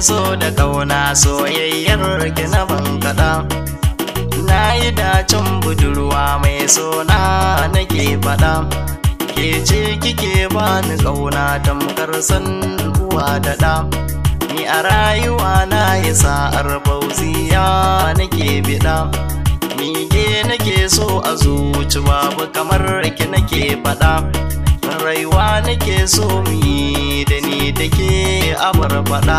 san so da ƙauna soyayyar ki na ban kaɗan na yi dacin budurwa mai sona nake faɗa ke ce kike ba ni ƙauna tamkar san uwa da ɗa ni a rayuwa na yi sa'ar bauziya nake biɗa ni ke nake so a zuci babu kamar ki nake faɗa raiwa nake so mi da ni da ke abar faɗa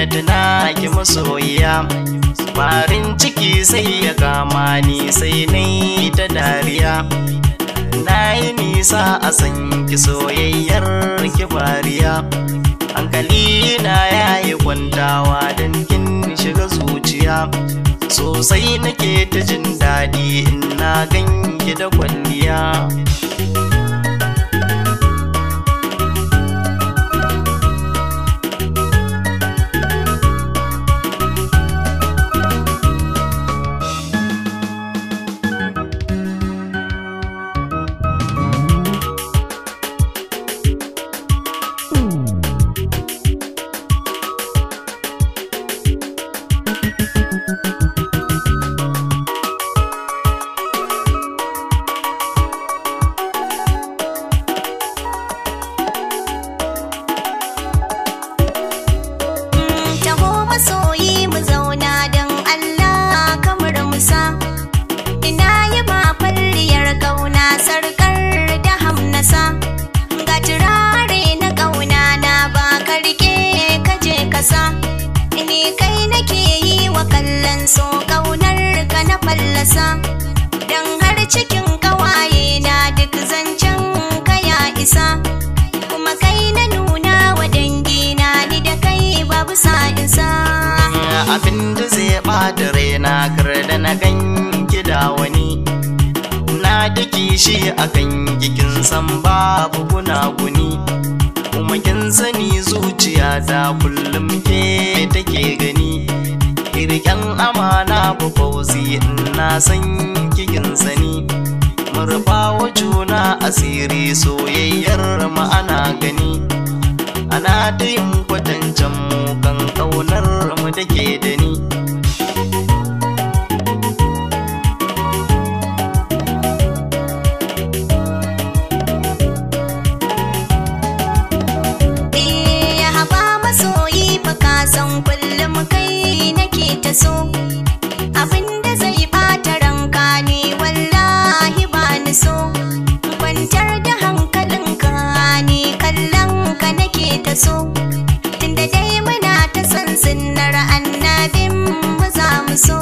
na tuna ki masoyiya farin ciki sai ya kama ni sai nai ta dariya na yi nisa a san ki soyayyar ki bariya hankali na yayi kwantawa don kin shiga zuciya sosai nake ta jin daɗi ina na ganki da kwalliya wasa ni kai nake yi wa kallon so kaunar ka na fallasa dan har cikin kawaye na duk zancen ka ya isa kuma kai na nuna wa dangi na ni da kai babu sa isa abin da zai bada raina da na ganki da wani na da kishi akan gikin san babu gunaguni sani zuciya ta kullum ke take gani Kirken amana ba fauzi in na san kikin sani Murfawa juna asiri soyayyar ma'ana gani Ana ta yin kwatan da abinda zai bata ranka ne wallahi ba ni so kwantar da hankalinka ne kallon ka nake ta so tunda dai muna ta san sunnar annabin mu za mu so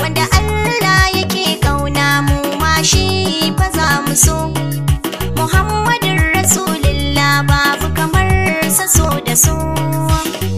wanda Allah yake kauna mu ma shi fa za mu so Muhammadin rasulillah babu kamar sa so da so